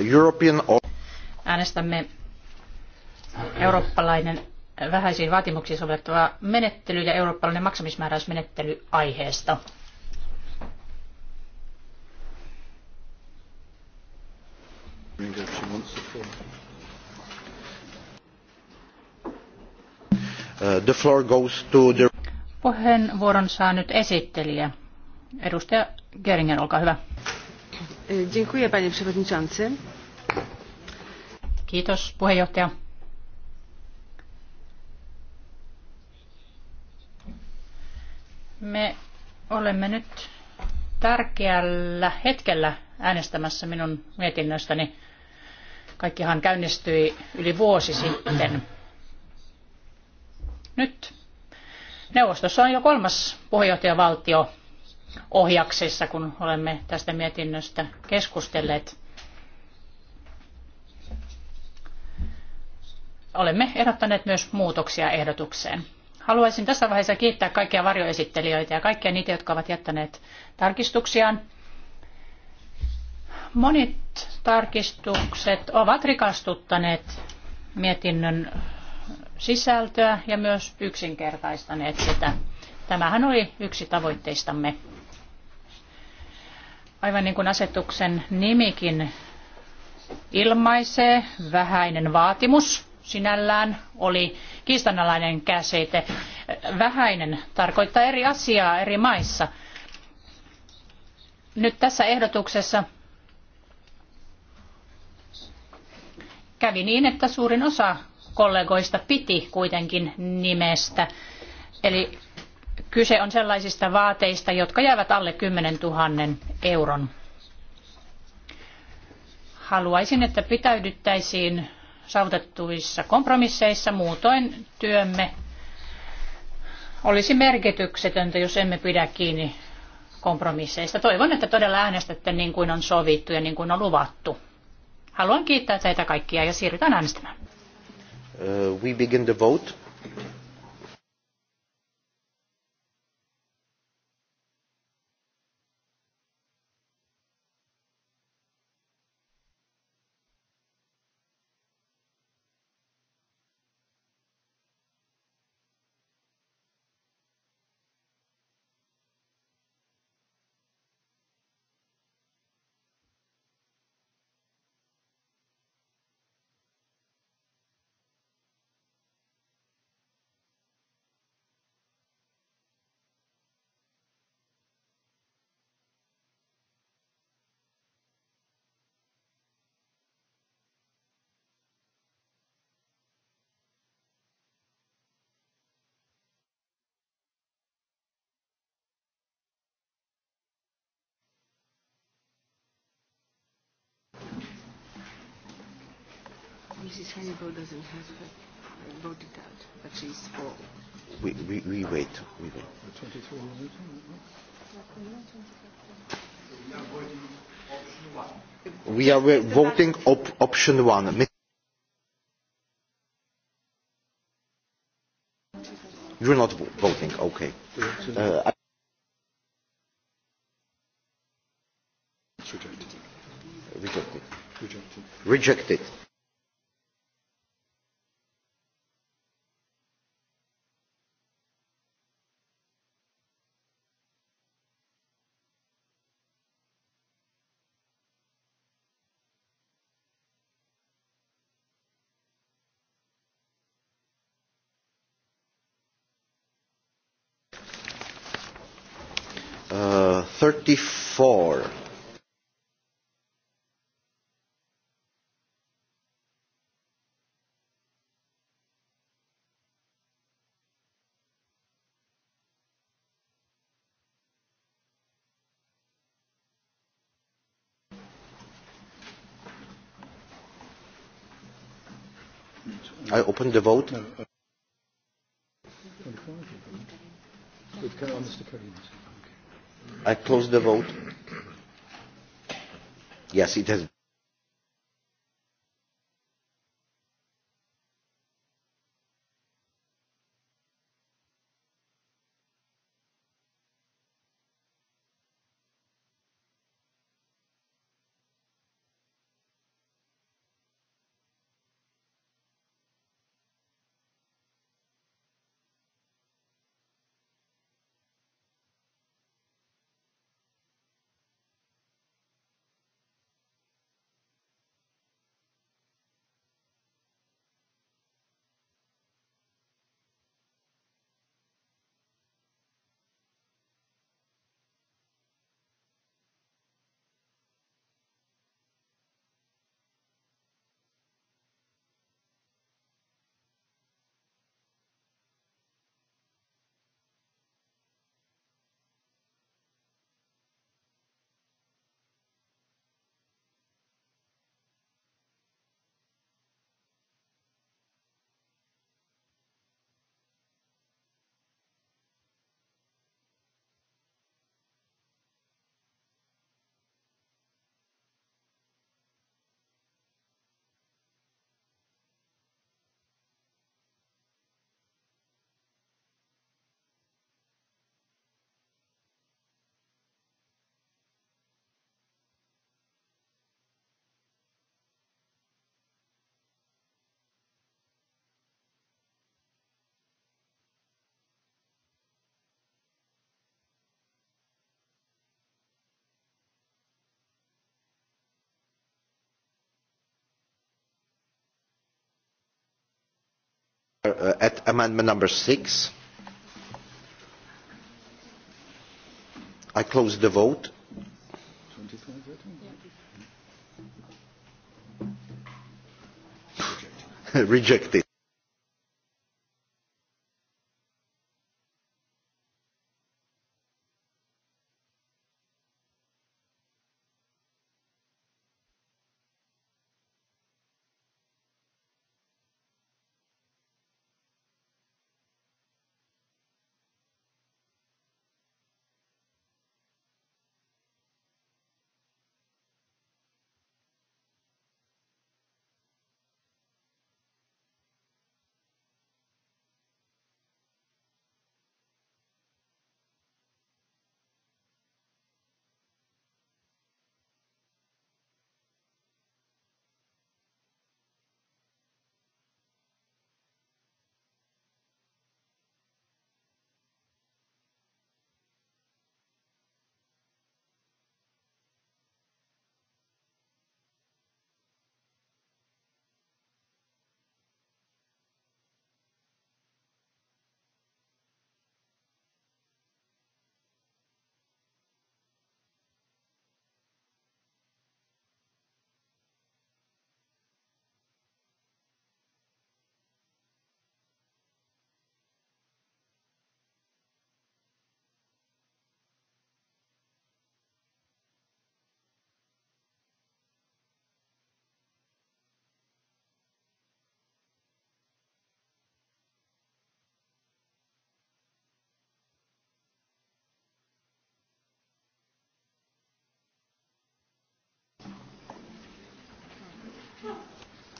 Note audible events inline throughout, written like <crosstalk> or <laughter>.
European... Äänestämme eurooppalainen vähäisiin vaatimuksiin soveltuva menettely ja eurooppalainen maksamismääräysmenettely aiheesta. Uh, the floor goes to the... Puheenvuoron saa nyt esittelijä. Edustaja Geringer, olkaa hyvä panie przewodniczący. Me olemme nyt tärkeällä hetkellä äänestämässä minun mietinnöstäni. Kaikkihan käynnistyi yli vuosi sitten. Nyt neuvostossa on jo kolmas puheenjohtajavaltio ohjaksissa, kun olemme tästä mietinnöstä keskustelleet. Olemme ehdottaneet myös muutoksia ehdotukseen. Haluaisin tässä vaiheessa kiittää kaikkia varjoesittelijöitä ja kaikkia niitä, jotka ovat jättäneet tarkistuksiaan. Monet tarkistukset ovat rikastuttaneet mietinnön sisältöä ja myös yksinkertaistaneet sitä. Tämähän oli yksi tavoitteistamme. Aivan niin kuin asetuksen nimikin ilmaisee, vähäinen vaatimus sinällään oli kiistanalainen käsite. Vähäinen tarkoittaa eri asiaa eri maissa. Nyt tässä ehdotuksessa kävi niin, että suurin osa kollegoista piti kuitenkin nimestä. Eli Kyse on sellaisista vaateista, jotka jäävät alle 10 000 euron. Haluaisin, että pitäydyttäisiin saavutettuissa kompromisseissa, muutoin työmme olisi merkityksetöntä, jos emme pidä kiinni kompromisseista. Toivon, että todella äänestätte niin kuin on sovittu ja niin kuin on luvattu. Haluan kiittää teitä kaikkia ja siirrytään äänestämään. Uh, we begin the vote. Mrs. Hannibal doesn't have her body out, but she is for. We, we, we wait. We wait. We are voting op option one. You're not voting, okay. Uh, rejected. Rejected. Rejected. open the vote. No, uh, oh, I close the vote. Yes, it has. Uh, at amendment number six. I close the vote. <laughs> Rejected.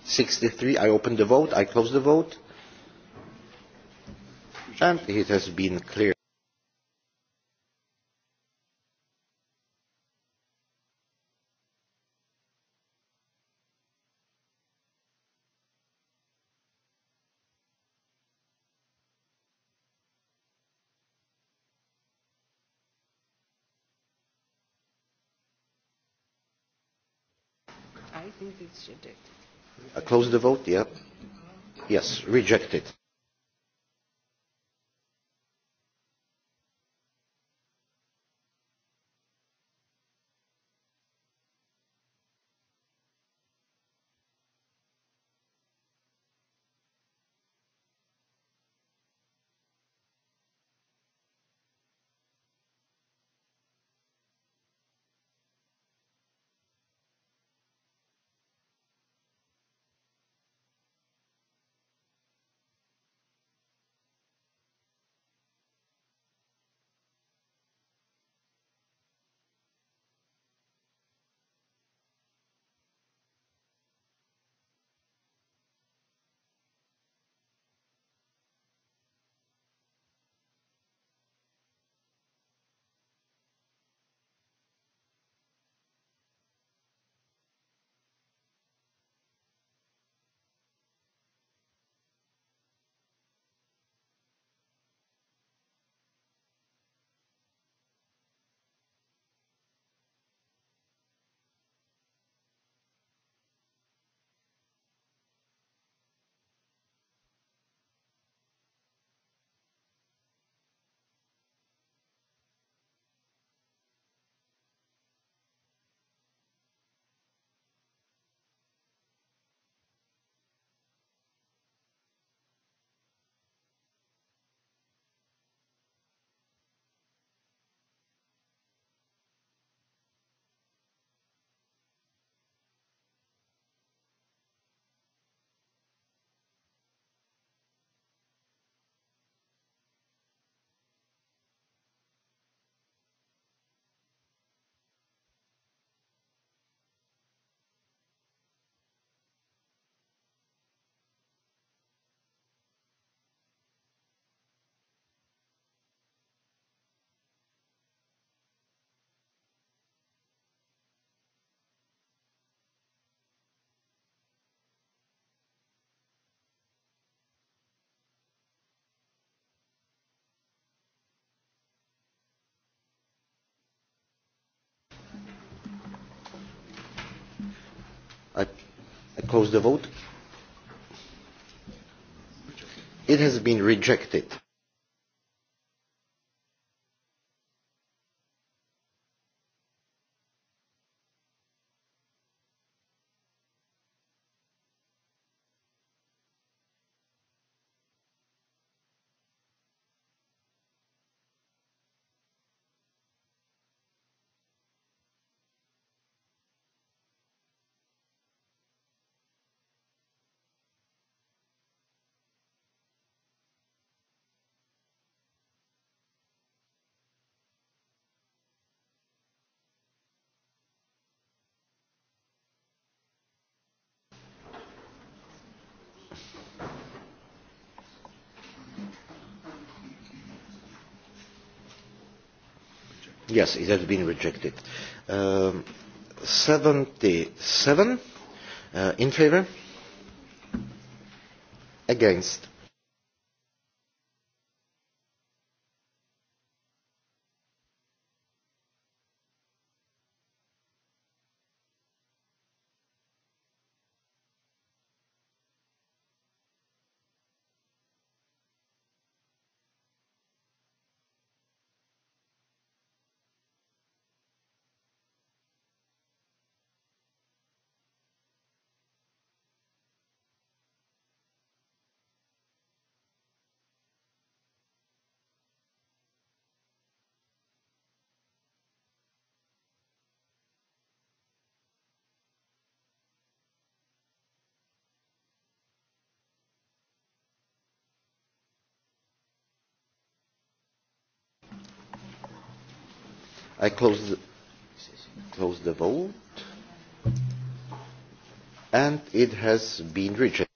63. I open the vote. I close the vote. And it has been clear. I think it's rejected close the vote. Yeah. Yes, rejected. I, I close the vote. It has been rejected. Yes, it has been rejected. Um, 77 uh, in favor? Against? close the, close the vote. And it has been rejected.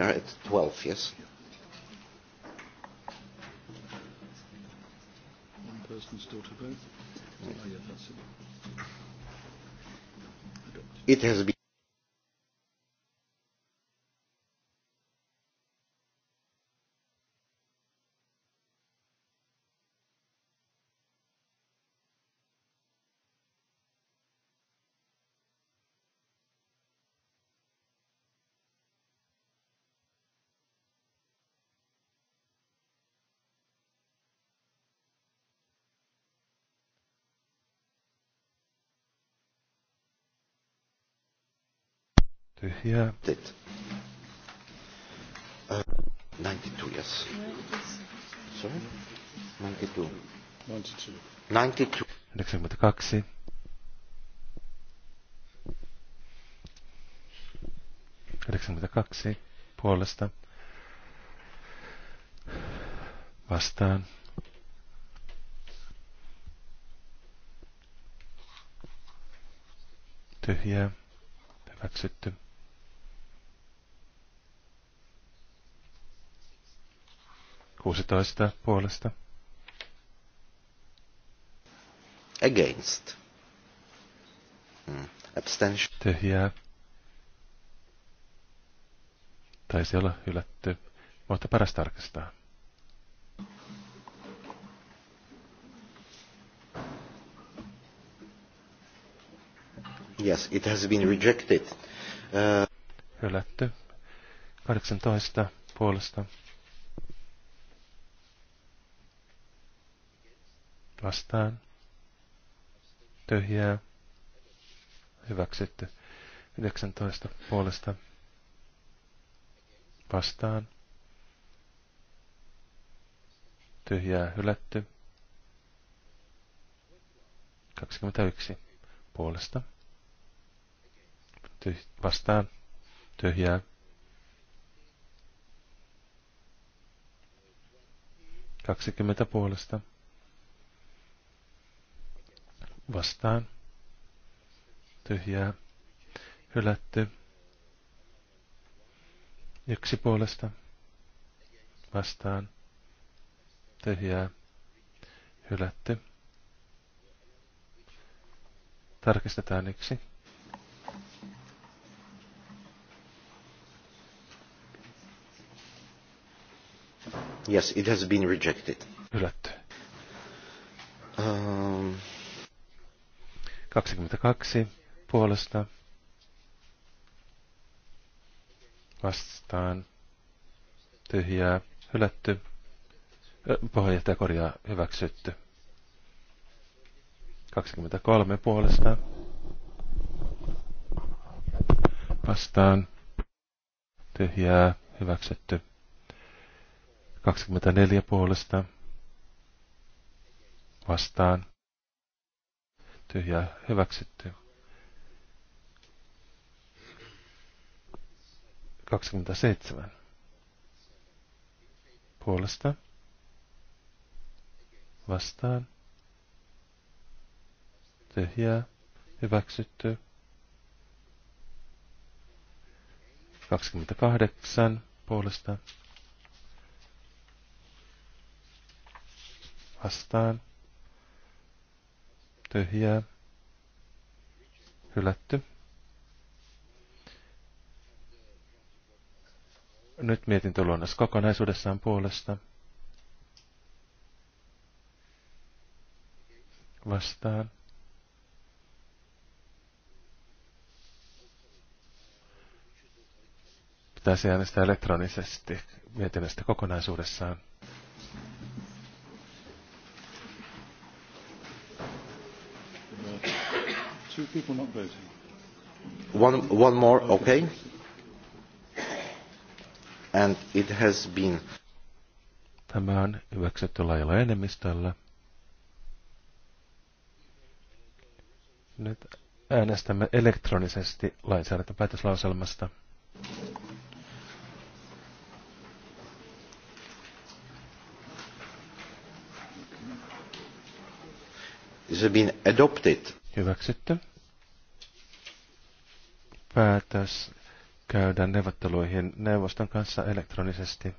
At 12, yes. One person still to vote. It has been Tyhjää. Uh, 92, yes. Sorry? 92. 92. 92. 92. Yhdeksänkymmentäkaksi puolesta vastaan. Tyhjää. Hyväksytty. 16 puolesta. Against. Mm. Abstention. Tyhjää. Taisi olla hylätty, mutta paras tarkistaa. Yes, it has been rejected. Uh... Hylätty. 18 puolesta vastaan, tyhjää, hyväksytty. 19 puolesta vastaan, tyhjää, hylätty. 21 puolesta tyh- vastaan, tyhjää, kaksikymmentä puolesta vastaan, tyhjää, hylätty, yksi puolesta, vastaan, tyhjää, hylätty. Tarkistetaan yksi. Yes, it has been rejected. Hylätty. Uh, 22 puolesta vastaan tyhjää hylätty. Puheenjohtaja korjaa hyväksytty. 23 puolesta vastaan tyhjää hyväksytty. 24 puolesta vastaan tyhjää hyväksytty. 27. Puolesta. Vastaan. Tyhjää. Hyväksytty. 28. Puolesta. Vastaan tyhjää, hylätty. Nyt mietin mietintöluonnos kokonaisuudessaan puolesta. Vastaan. Pitäisi äänestää elektronisesti mietinnöstä kokonaisuudessaan. Two people not voting. One, one more, okay. And it has been. Tämä on hyväksytty lailla enemmistöllä. Nyt äänestämme elektronisesti lainsäädäntöpäätöslauselmasta. Is been adopted. Hyväksytty. Päätös käydään neuvotteluihin neuvoston kanssa elektronisesti.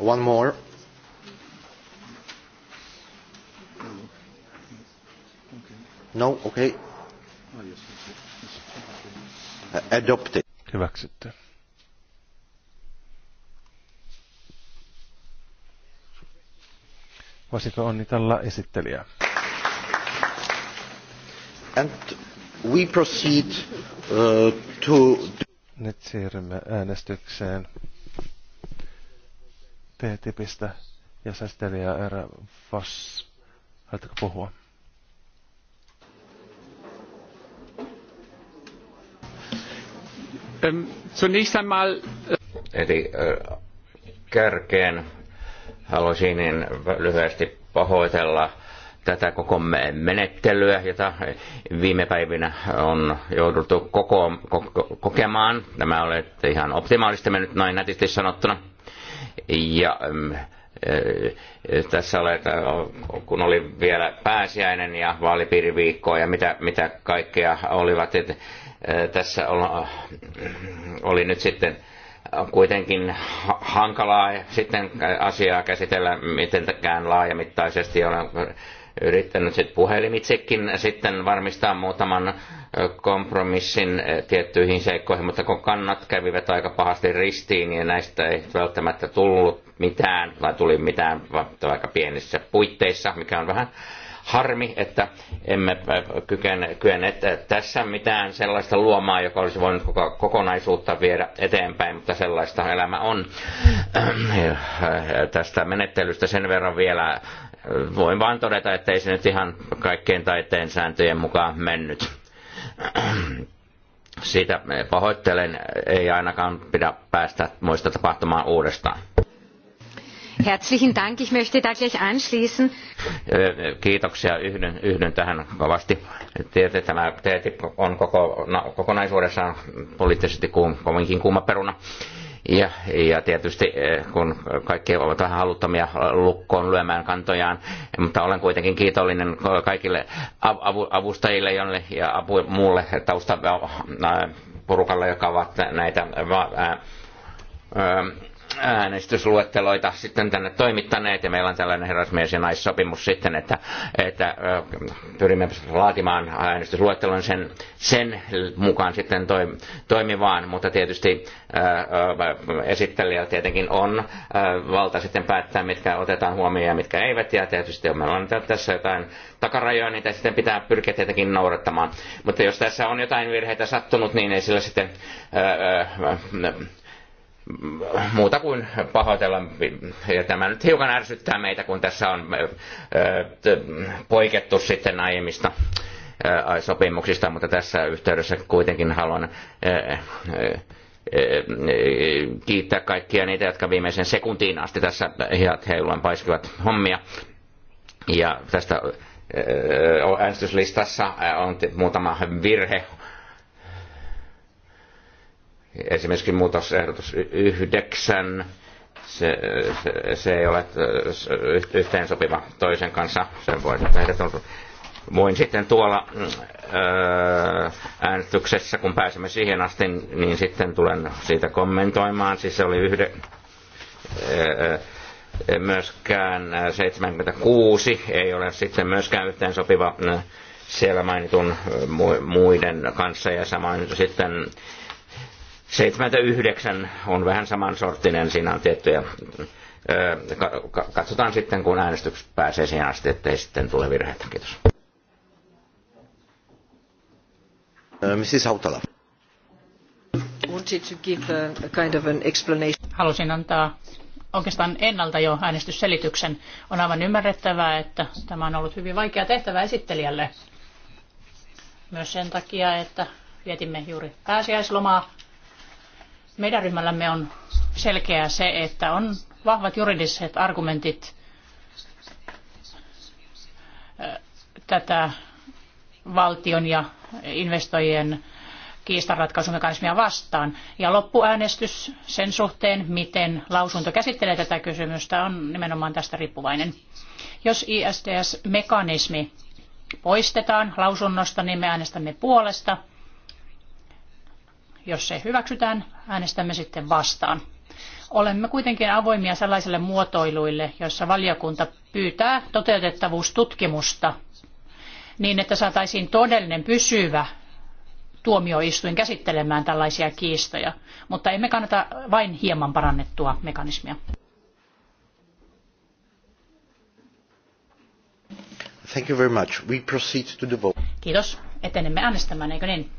One more. No, okay. Ah, Adopted. Hyväksytty. Voisiko onnitella esittelijää? And we proceed, uh, to... Nyt siirrymme äänestykseen T-tipistä ja säästelijä Eera Voss. Haluatteko puhua? Um, einmal... Äh, Eli uh, kärkeen Haluaisin niin lyhyesti pahoitella tätä koko menettelyä, jota viime päivinä on jouduttu koko, ko, kokemaan. Tämä oli ihan optimaalista mennyt noin nätisti sanottuna. Ja mm, e, e, tässä olet, kun oli vielä pääsiäinen ja vaalipiiriviikko ja mitä, mitä kaikkea olivat, että e, tässä oli nyt sitten – on kuitenkin hankalaa sitten asiaa käsitellä mitenkään laajamittaisesti. Olen yrittänyt sitten puhelimitsekin sitten varmistaa muutaman kompromissin tiettyihin seikkoihin, mutta kun kannat kävivät aika pahasti ristiin ja näistä ei välttämättä tullut mitään, tai tuli mitään vaikka pienissä puitteissa, mikä on vähän harmi, että emme äh, kykene, kyenneet tässä mitään sellaista luomaa, joka olisi voinut koko, kokonaisuutta viedä eteenpäin, mutta sellaista elämä on. Äh, tästä menettelystä sen verran vielä äh, voin vain todeta, että ei se nyt ihan kaikkien taiteen sääntöjen mukaan mennyt. Siitä pahoittelen, ei ainakaan pidä päästä muista tapahtumaan uudestaan. Herzlichen Dank. Ich möchte da gleich anschließen. Kiitoksia. Yhdyn, yhdyn tähän kovasti. Tietysti tämä TTIP on koko, no, kokonaisuudessaan poliittisesti kovinkin kuuma peruna. Ja, ja tietysti kun kaikki ovat vähän haluttomia lukkoon lyömään kantojaan, mutta olen kuitenkin kiitollinen kaikille avustajille ja apu, muulle taustaporukalle, joka ovat näitä ää, ää, äänestysluetteloita sitten tänne toimittaneet, ja meillä on tällainen herrasmies- ja naissopimus sitten, että, että pyrimme laatimaan äänestysluettelon sen, sen mukaan sitten toi, toimivaan, mutta tietysti ää, esittelijä tietenkin on ää, valta sitten päättää, mitkä otetaan huomioon ja mitkä eivät, ja tietysti on meillä on tässä jotain takarajoja, niitä sitten pitää pyrkiä tietenkin noudattamaan. Mutta jos tässä on jotain virheitä sattunut, niin ei sillä sitten ää, ää, muuta kuin pahoitella. Ja tämä nyt hiukan ärsyttää meitä, kun tässä on poikettu sitten aiemmista sopimuksista, mutta tässä yhteydessä kuitenkin haluan kiittää kaikkia niitä, jotka viimeisen sekuntiin asti tässä hiat heiluan paiskivat hommia. Ja tästä äänestyslistassa on muutama virhe Esimerkiksi muutosehdotus yhdeksän, se, se, se ei ole yhteen sopiva toisen kanssa, sen voi tehdä voin sitten tuolla öö, äänestyksessä, kun pääsemme siihen asti, niin sitten tulen siitä kommentoimaan. Siis se oli yhde, ää, myöskään 76 ei ole sitten myöskään yhteen sopiva siellä mainitun muiden kanssa ja samoin sitten 79 on vähän samansorttinen, siinä on tiettyjä katsotaan sitten, kun äänestys pääsee siihen asti, ettei sitten tule virheitä. Kiitos. Halusin antaa oikeastaan ennalta jo äänestysselityksen. On aivan ymmärrettävää, että tämä on ollut hyvin vaikea tehtävä esittelijälle. Myös sen takia, että vietimme juuri pääsiäislomaa meidän ryhmällämme on selkeää se, että on vahvat juridiset argumentit tätä valtion ja investoijien kiistanratkaisumekanismia vastaan. Ja loppuäänestys sen suhteen, miten lausunto käsittelee tätä kysymystä, on nimenomaan tästä riippuvainen. Jos ISDS-mekanismi poistetaan lausunnosta, niin me äänestämme puolesta – jos se hyväksytään, äänestämme sitten vastaan. Olemme kuitenkin avoimia sellaisille muotoiluille, joissa valiokunta pyytää toteutettavuustutkimusta niin, että saataisiin todellinen pysyvä tuomioistuin käsittelemään tällaisia kiistoja, mutta emme kannata vain hieman parannettua mekanismia. Thank you very much. We proceed to the vote. Kiitos. Etenemme äänestämään, eikö niin?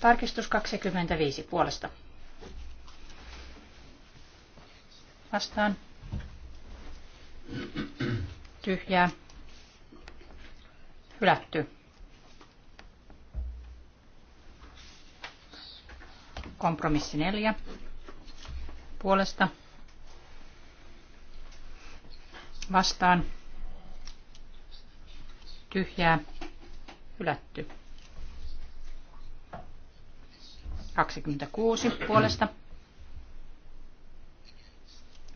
Tarkistus 25 puolesta. Vastaan. Tyhjää. Hylätty. Kompromissi 4 puolesta. Vastaan. Tyhjää. Hylätty. 26 puolesta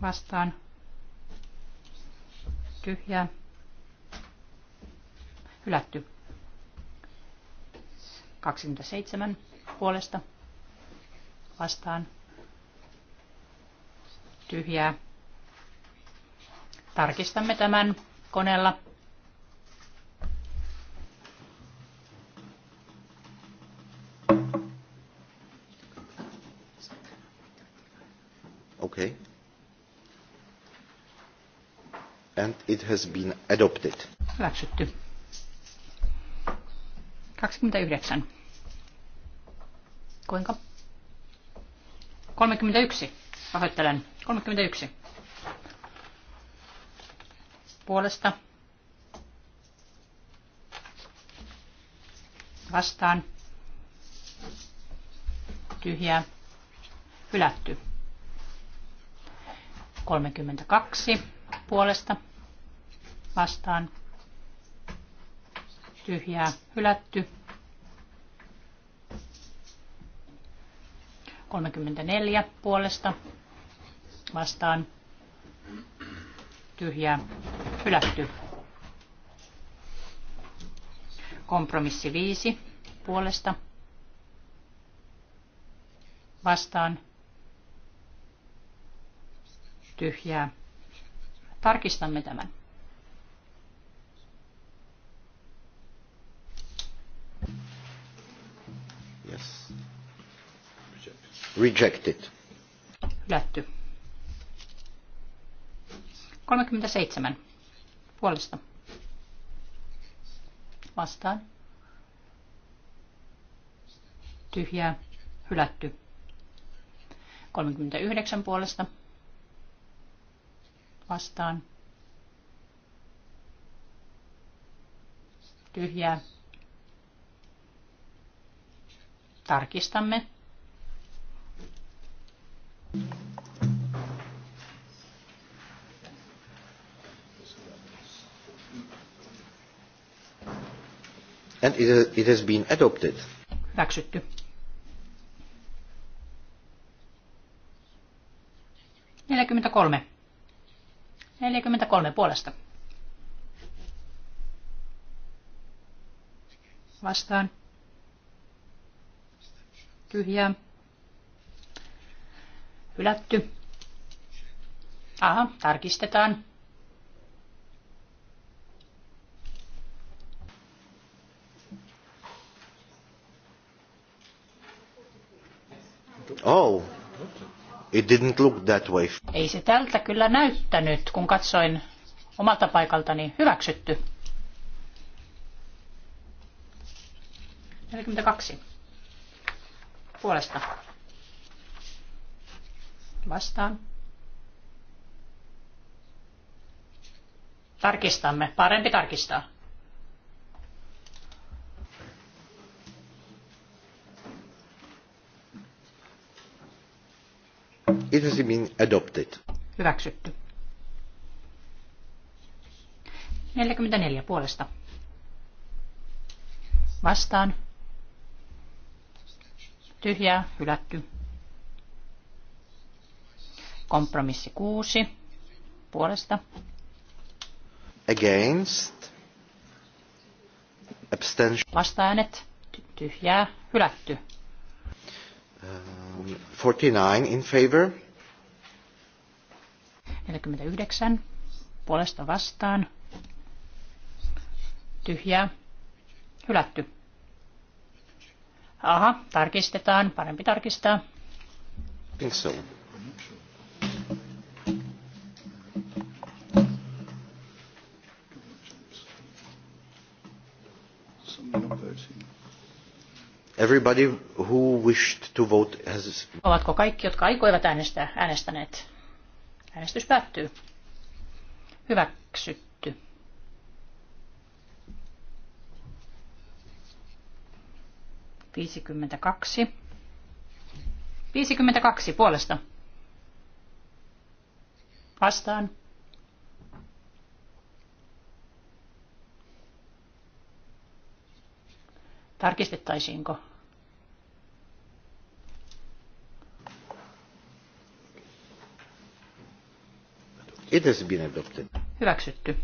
vastaan tyhjää hylätty 27 puolesta vastaan tyhjää. Tarkistamme tämän koneella has been adopted. Hyväksytty. 29. Kuinka? 31. Pahoittelen. 31. Puolesta. Vastaan. Tyhjää. Hylätty. 32. Puolesta vastaan tyhjää hylätty. 34 puolesta vastaan tyhjää hylätty. Kompromissi 5 puolesta vastaan tyhjää. Tarkistamme tämän. Rejected. Hylätty. 37. Puolesta. Vastaan. Tyhjää. Hylätty. 39 puolesta. Vastaan. Tyhjää. Tarkistamme. and it has been adopted. Hyväksytty. Neljäkymmentäkolme. puolesta. Vastaan. Tyhjää. Hylätty. Aha, tarkistetaan. It didn't look that way. Ei se tältä kyllä näyttänyt, kun katsoin omalta paikaltani hyväksytty. 42. Puolesta. Vastaan. Tarkistamme. Parempi tarkistaa. It has been adopted. Hyväksytty. 44 puolesta. Vastaan. Tyhjää, hylätty. Kompromissi 6 puolesta. Against. Abstention. Vastaäänet. Tyhjää, hylätty. Uh 49 in favor. 49 puolesta vastaan. Tyhjää. Hylätty. Aha, tarkistetaan. Parempi tarkistaa. Think so. Everybody who wished to vote has... Ovatko kaikki, jotka aikoivat äänestää, äänestäneet? Äänestys päättyy. Hyväksytty. Viisikymmentä kaksi puolesta. Vastaan. Tarkistettaisiinko? It has been adopted. Hyväksytty.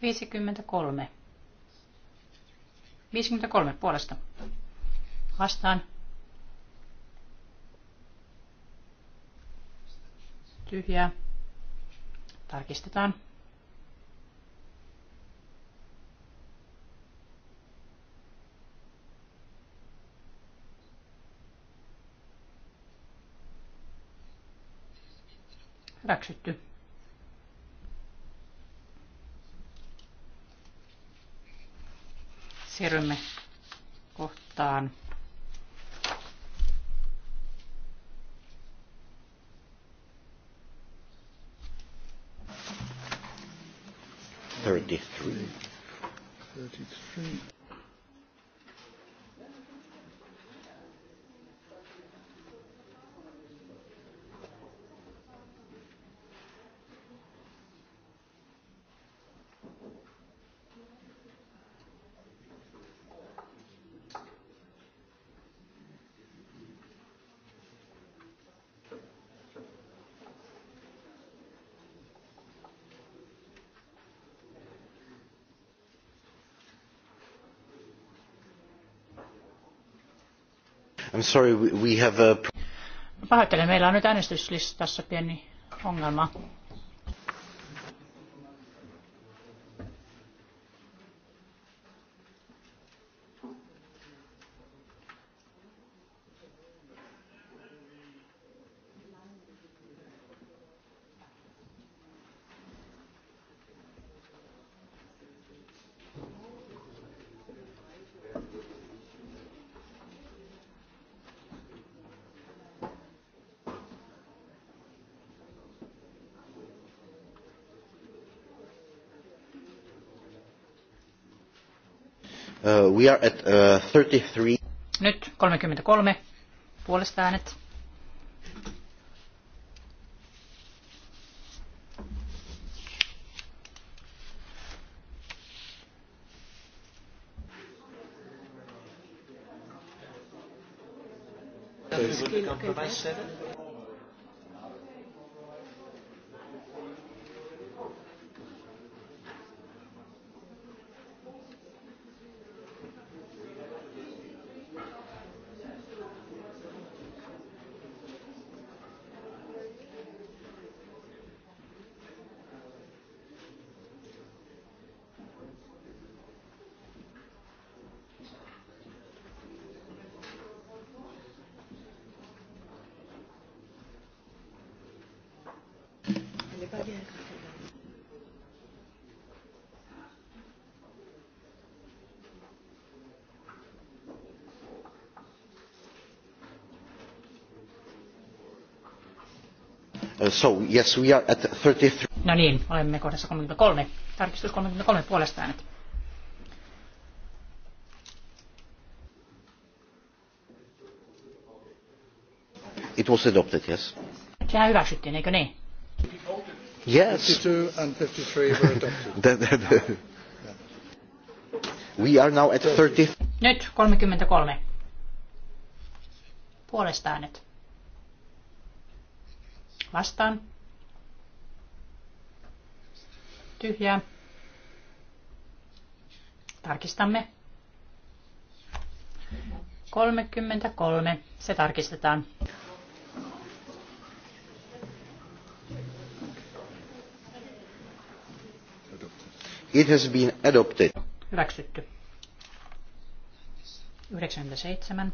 53. 53 puolesta. Vastaan. Tyhjää. Tarkistetaan. Hyväksytty. Siirrymme kohtaan. Thirty-three. Thirty-three. I'm Pahoittelen, meillä on nyt äänestyslistassa pieni ongelma. we are at, uh, Nyt 33 puolesta äänet Uh, so, yes, we are at 33. No niin, olemme kohdassa 33. Tarkistus 33 puolesta äänet. It was adopted, yes. Sehän hyväksyttiin, eikö niin? Yes. 52 and 53 were adopted. <laughs> We are now at 30. Nyt 33. Puolesta äänet. Vastaan. Tyhjää. Tarkistamme. 33. Se tarkistetaan. It has been adopted. Hyväksytty. 97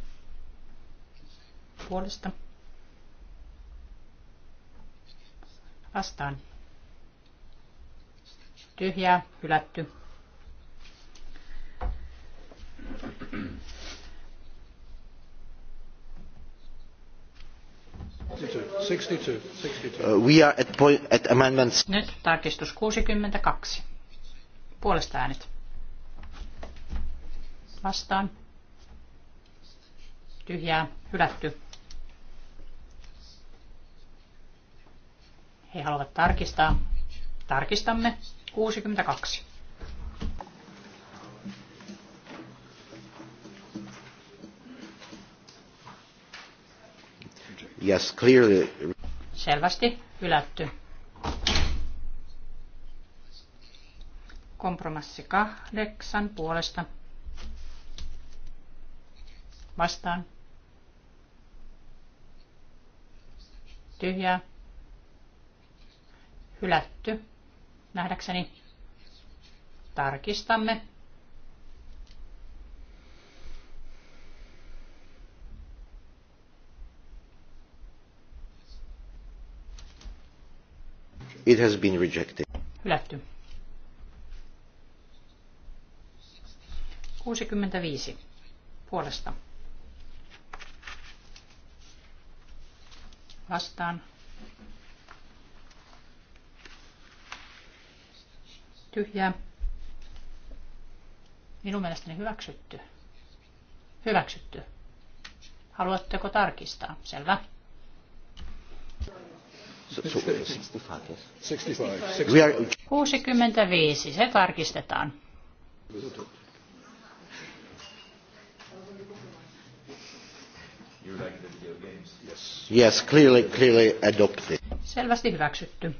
puolesta. Vastaan. Tyhjää, hylätty. Uh, we are at, point, at amendments. Nyt tarkistus 62. Puolesta äänet. Vastaan. Tyhjää. Hylätty. He haluavat tarkistaa. Tarkistamme. 62. Yes, clearly. Selvästi hylätty. Kompromissi kahdeksan puolesta. Vastaan. Tyhjää. Hylätty. Nähdäkseni. Tarkistamme. It has been rejected. Hylätty. 65 puolesta. Vastaan. tyhjä Minun mielestäni hyväksytty. Hyväksytty. Haluatteko tarkistaa? Selvä. So, so, 65. 65. Se tarkistetaan. Games, yes. Yes, clearly, clearly adopted. Selvästi hyväksytty.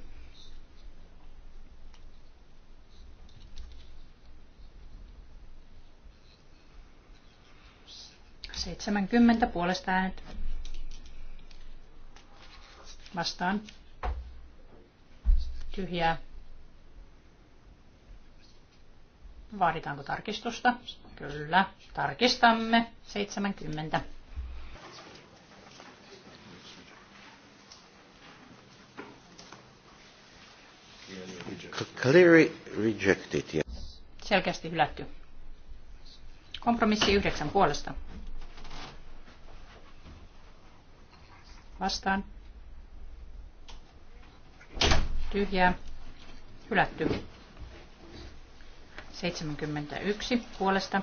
Seitsemänkymmentä puolesta äänet. Vastaan. Tyhjää. Vaaditaanko tarkistusta? Kyllä. Tarkistamme. 70. Clearly rejected. Yes. Selkeästi hylätty. Kompromissi yhdeksän puolesta. Vastaan. Tyhjää. Hylätty. 71 puolesta.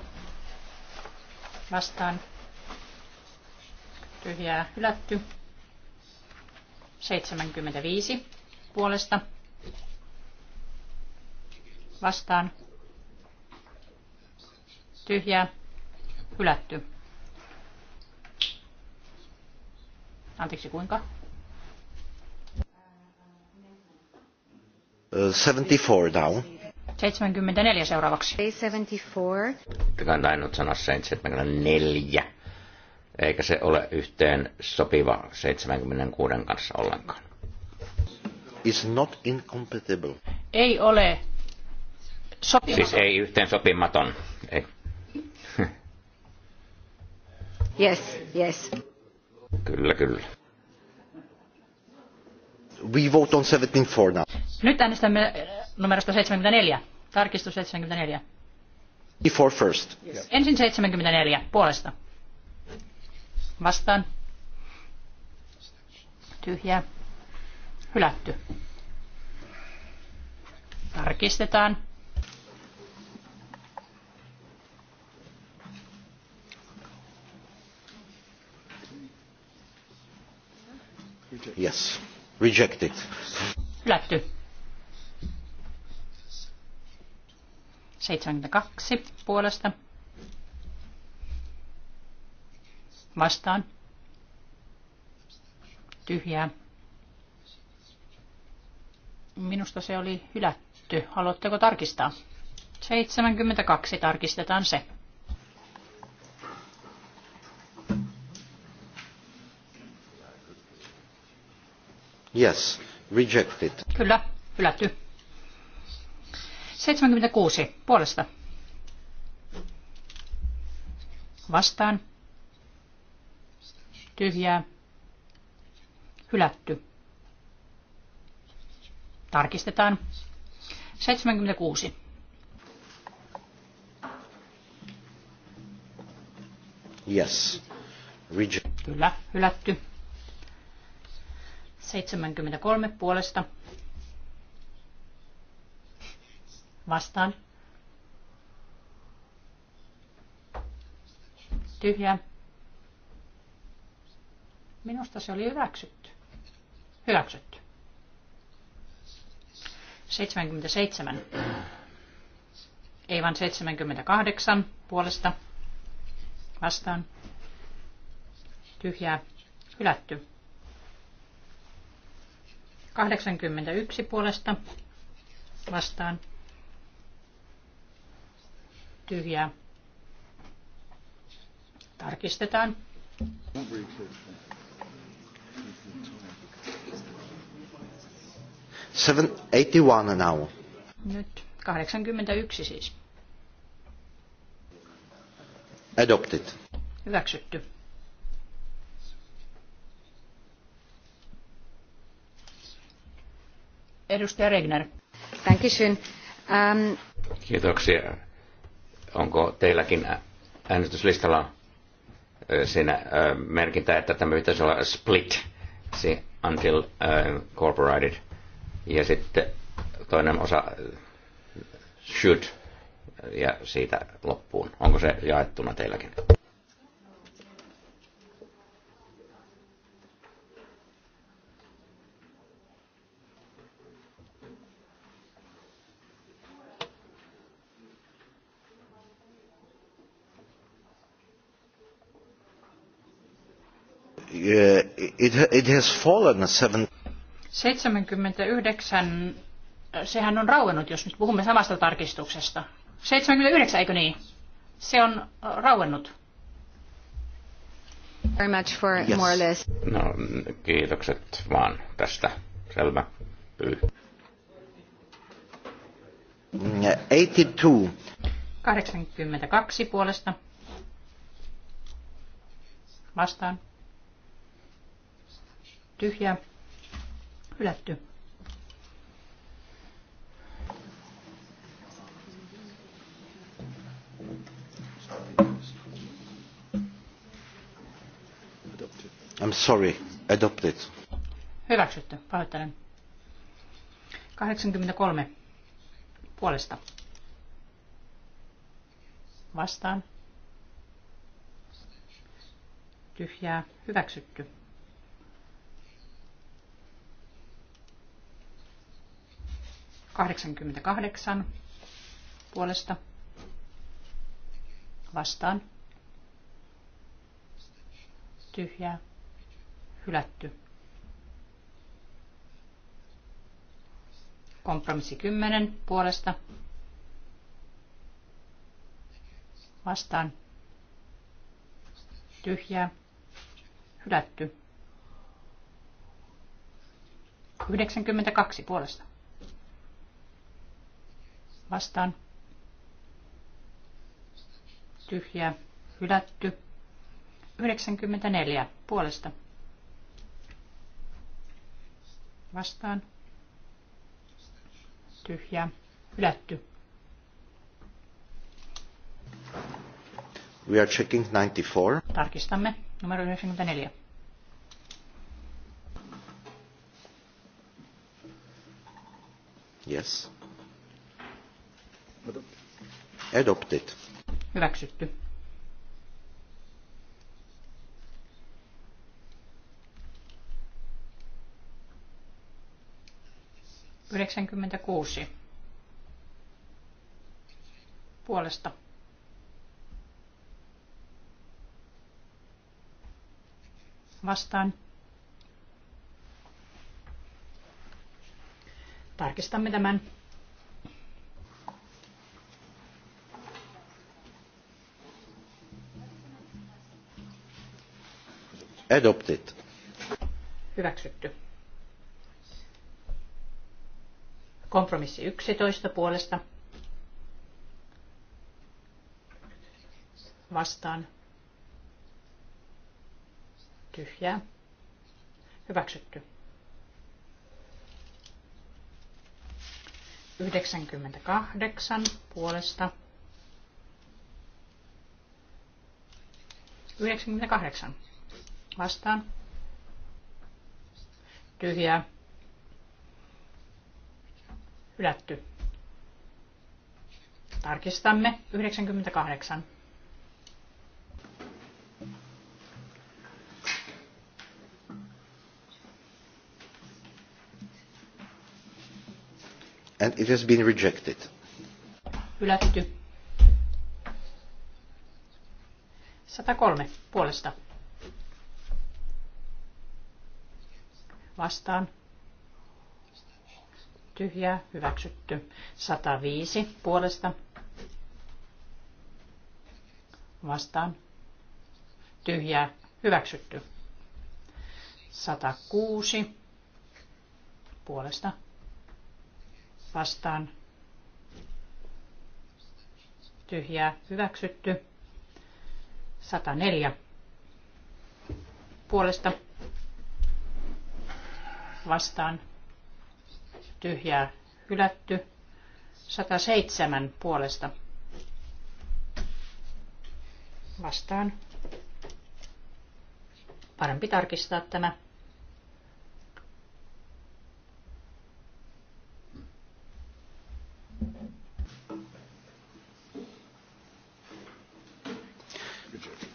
Vastaan. Tyhjää. Hylätty. 75 puolesta vastaan tyhjää hylätty. Anteeksi, kuinka? 74 down 74 seuraavaksi. 74. Tekan ainut sana 74. Eikä se ole yhteen sopiva 76 kanssa ollenkaan. Is not incompatible. Ei ole sopimaton. Siis ei yhteen sopimaton. Ei. <laughs> Yes, yes. Kyllä, kyllä. We vote on 74 now. Nyt äänestämme äh, numerosta 74. Tarkistus 74. Before first. Yes. Ensin 74 puolesta. Vastaan. Tyhjä. Hylätty. Tarkistetaan. Rejected. Yes. Rejected. Hylätty. 72 puolesta. Vastaan. Tyhjää. Minusta se oli hylätty. Haluatteko tarkistaa? 72 tarkistetaan se. Yes, rejected. Kyllä, hylätty. 76 puolesta. Vastaan. Tyhjää. Hylätty. Tarkistetaan. 76. Yes. Reject. Kyllä, hylätty. 73 puolesta. Vastaan. Tyhjä. Minusta se oli hyväksytty. Hyväksytty. 77. Ei vaan 78 puolesta. Vastaan. Tyhjää. Hylätty. 81 puolesta vastaan. Tyhjää. Tarkistetaan. Seven, 81 now. Nyt 81 siis. Adopted. Hyväksytty. Edustaja Regner. Um... Kiitoksia. Onko teilläkin äänestyslistalla siinä merkintä, että tämä pitäisi olla split, see, until äh, corporated, ja sitten toinen osa should, ja siitä loppuun. Onko se jaettuna teilläkin? It, it has fallen 79, sehän on rauennut, jos nyt puhumme samasta tarkistuksesta. 79, eikö niin? Se on äh, rauennut. Very much for yes. more or less. No, kiitokset vaan tästä. Selvä. Pyy. 82. 82 puolesta. Vastaan. Tyhjä. hylätty. I'm sorry, adopted. Hyväksytty, pahoittelen. 83 puolesta. Vastaan. Tyhjää, hyväksytty. 88 puolesta vastaan. Tyhjää. Hylätty. Kompromissi 10 puolesta vastaan. Tyhjää. Hylätty. 92 puolesta vastaan. tyhjä hylätty. 94 puolesta vastaan. tyhjä hylätty. We are checking 94. Tarkistamme numero 94. Yes. Adopted. Hyväksytty. kuusi Puolesta. Vastaan. Tarkistamme tämän. Adopted. Hyväksytty. Kompromissi 11 puolesta. Vastaan. Tyhjää. Hyväksytty. 98 puolesta. 98 Vastaan. Tyhjää. Hylätty. Tarkistamme 98. and it has been rejected. Hylätty. 103 puolesta. vastaan tyhjää hyväksytty. 105 puolesta vastaan tyhjää hyväksytty. 106 puolesta vastaan tyhjää hyväksytty. 104 puolesta vastaan tyhjää hylätty. 107 puolesta vastaan. Parempi tarkistaa tämä.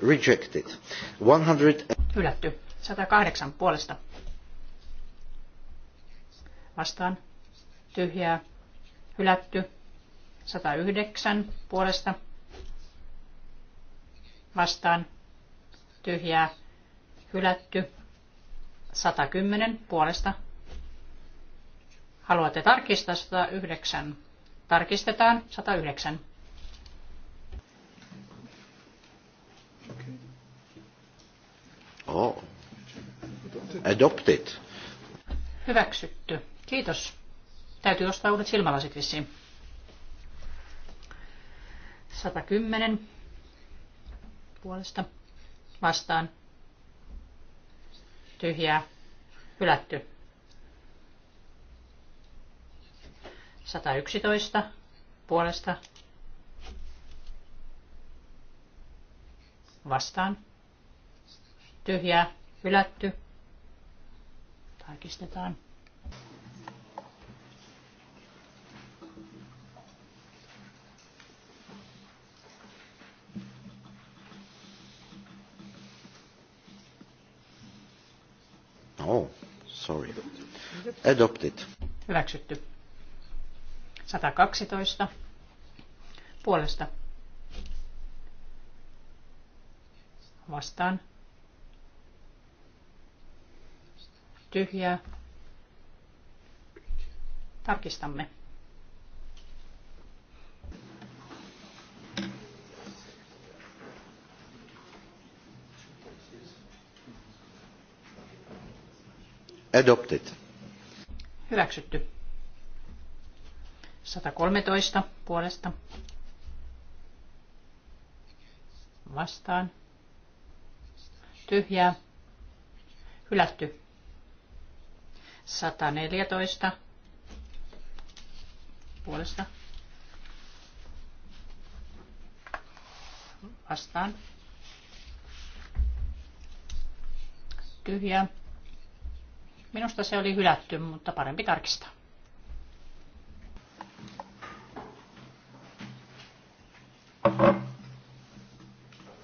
Rejected. 100... Hylätty. 108 puolesta vastaan tyhjää hylätty. 109 puolesta vastaan tyhjää hylätty. 110 puolesta. Haluatte tarkistaa 109. Tarkistetaan 109. Oh. Adopted. Hyväksytty. Kiitos. Täytyy ostaa uudet silmälasit vissiin. 110 puolesta vastaan. Tyhjää. Hylätty. 111 puolesta vastaan. Tyhjää. Hylätty. Tarkistetaan. Adopted. Hyväksytty. 112 puolesta. Vastaan. Tyhjää. Tarkistamme. Adopted. Hyväksytty. 113 puolesta. Vastaan. Tyhjää. Hylätty. 114 puolesta. Vastaan. Tyhjää. Minusta se oli hylätty, mutta parempi tarkistaa.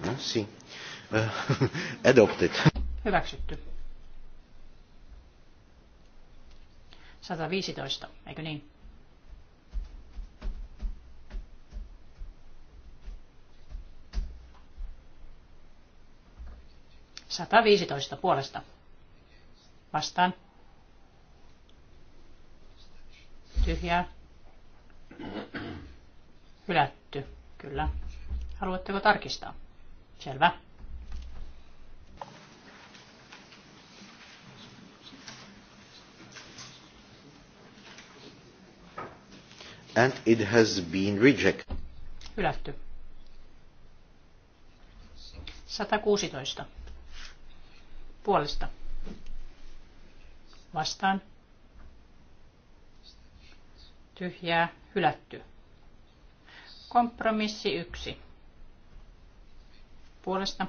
No, si. Eh, <laughs> adopted. Hyväksytty. 115, eikö niin? viisitoista puolesta vastaan. Tyhjää. Hylätty, kyllä. Haluatteko tarkistaa? Selvä. and it has been rejected. Hylätty. 116. Puolesta vastaan. Tyhjää hylätty. Kompromissi yksi Puolesta.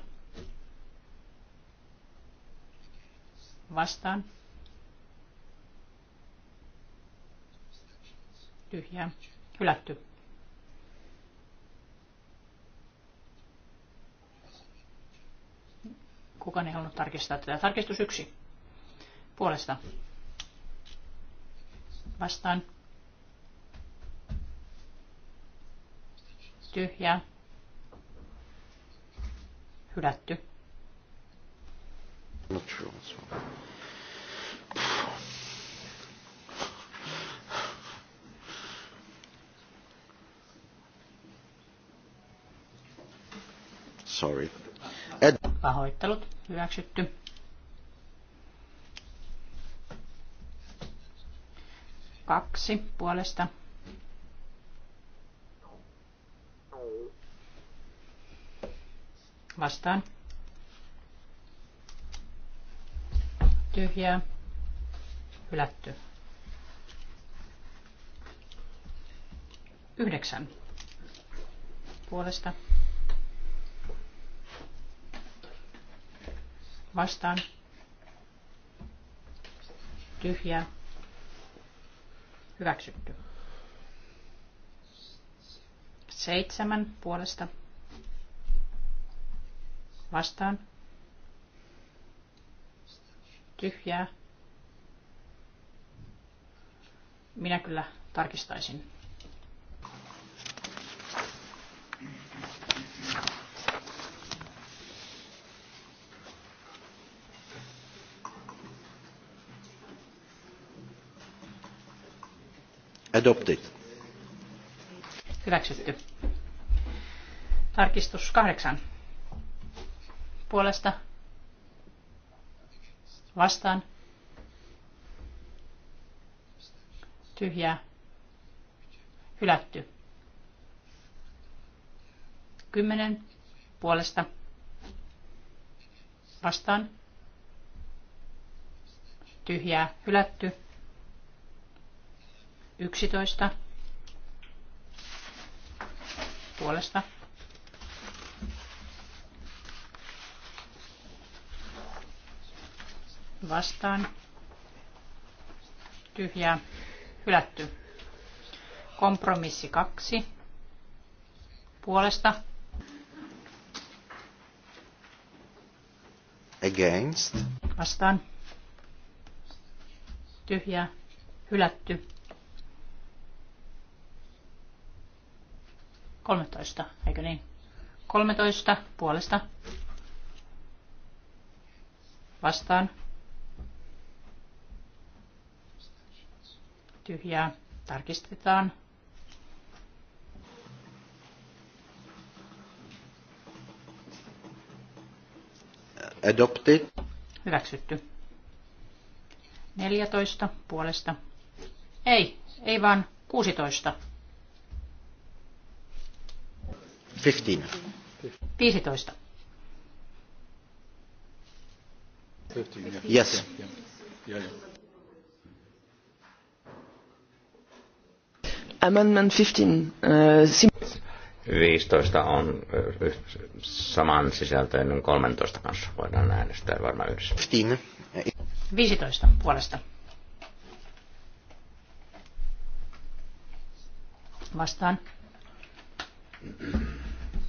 Vastaan. Tyhjää hylätty. Kukaan ei halunnut tarkistaa tätä. Tarkistus yksi puolesta. Vastaan. tyhjä Hylätty. Not sure Sorry. Ed- Pahoittelut. Hyväksytty. kaksi puolesta. Vastaan. Tyhjää. Hylätty. Yhdeksän. Puolesta. Vastaan. Tyhjää Hyväksytty. Seitsemän puolesta. Vastaan. Tyhjää. Minä kyllä tarkistaisin. Adopted. Hyväksytty. Tarkistus kahdeksan. Puolesta. Vastaan. Tyhjää. Hylätty. Kymmenen. Puolesta. Vastaan. Tyhjää. Hylätty. 11 puolesta. Vastaan. Tyhjää. Hylätty. Kompromissi 2 puolesta. Against. Vastaan. Tyhjää. Hylätty. 13, eikö niin? 13 puolesta. Vastaan. Tyhjää. Tarkistetaan. Adopted. Hyväksytty. 14 puolesta. Ei, ei vaan 16 15. Yes. Amendment 15. Uh, 15 on uh, saman sisältöinen 13 kanssa. Voidaan äänestää varmaan yhdessä. 15 puolesta. Vastaan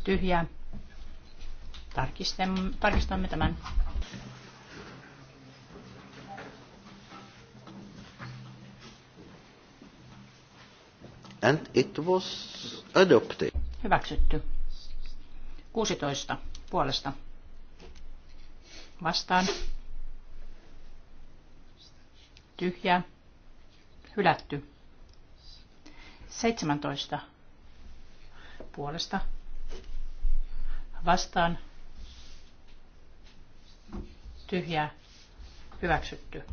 tyhjää. Tarkistamme tämän. And it was adopted. Hyväksytty. 16 puolesta. Vastaan. Tyhjä. Hylätty. 17 puolesta vastaan tyhjää hyväksytty.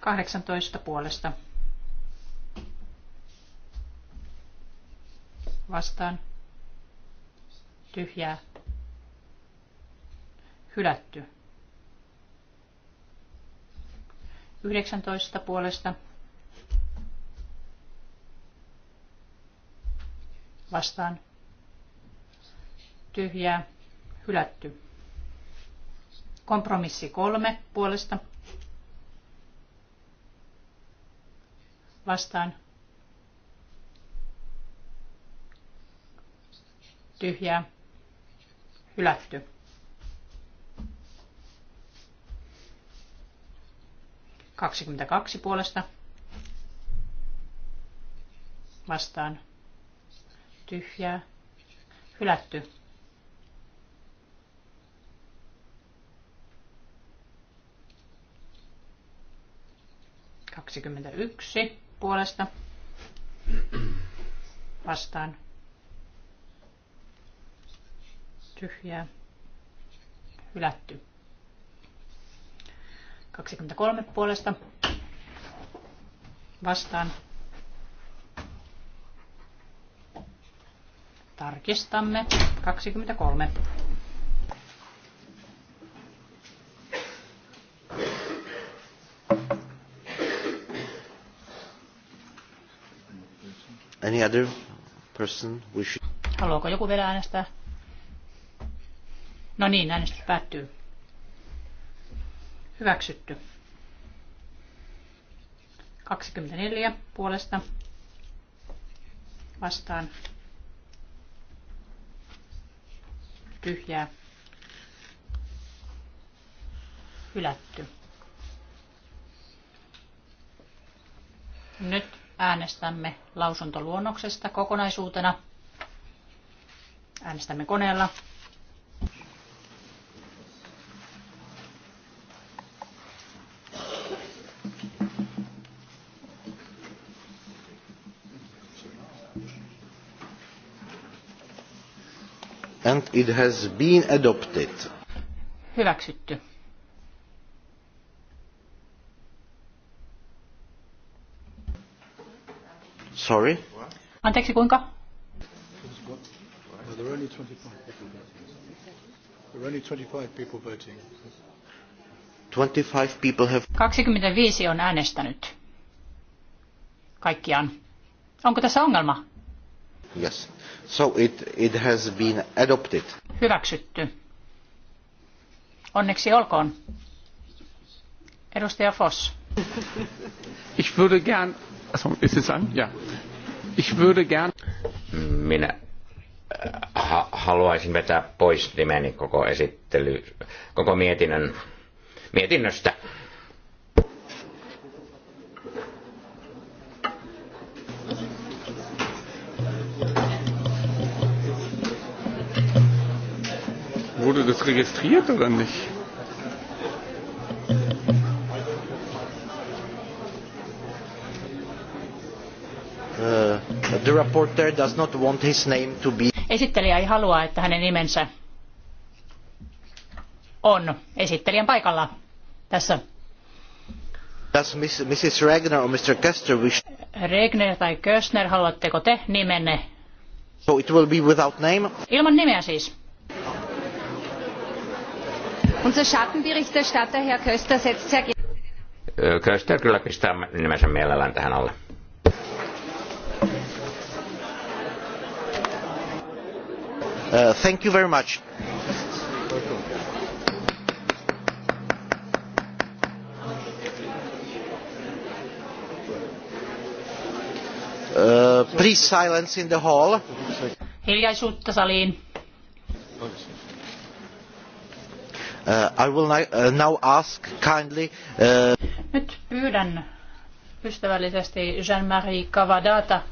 18 puolesta vastaan tyhjää hylätty. 19 puolesta vastaan tyhjää, hylätty. Kompromissi kolme puolesta. Vastaan. Tyhjää, hylätty. Kaksikymmentäkaksi puolesta. Vastaan. Tyhjää. Hylätty. 21 puolesta vastaan tyhjää hylätty. 23 puolesta vastaan tarkistamme 23. other person wish? Haluaako joku vielä äänestää? No niin, äänestys päättyy. Hyväksytty. 24 puolesta vastaan tyhjää hylätty. Nyt äänestämme lausuntoluonnoksesta kokonaisuutena. Äänestämme koneella. And it has been adopted. Hyväksytty. Sorry. Anteeksi, kuinka? There are only 25 people. voting. have... 25 on äänestänyt kaikkiaan. Onko tässä ongelma? Yes. So it, it has been adopted. Hyväksytty. Onneksi olkoon. Edustaja Foss. Ich würde gern minä äh, haluaisin vetää pois nimeni koko esittely, koko mietinnön, mietinnöstä. Wurde das registriert oder nicht? the rapporteur does not want his name to be... Esittelijä ei halua, että hänen nimensä on esittelijän paikalla tässä. Does Mrs. Regner or Mr. Kester wish... Regner tai Köstner, haluatteko te nimenne? So it will be without name? Ilman nimeä siis. Unser Schattenberichterstatter Herr Köster setzt sehr Köster kyllä pistää nimensä mielellään tähän alle. Uh, thank you very much. Uh, please silence in the hall. Hiljaisuutta saliin. Uh, I will uh, now ask kindly. Uh... Nyt pyydän ystävällisesti Jean-Marie Cavadata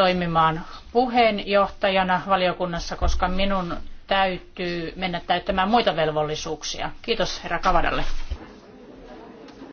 toimimaan puheenjohtajana valiokunnassa, koska minun täytyy mennä täyttämään muita velvollisuuksia. Kiitos herra Kavadalle.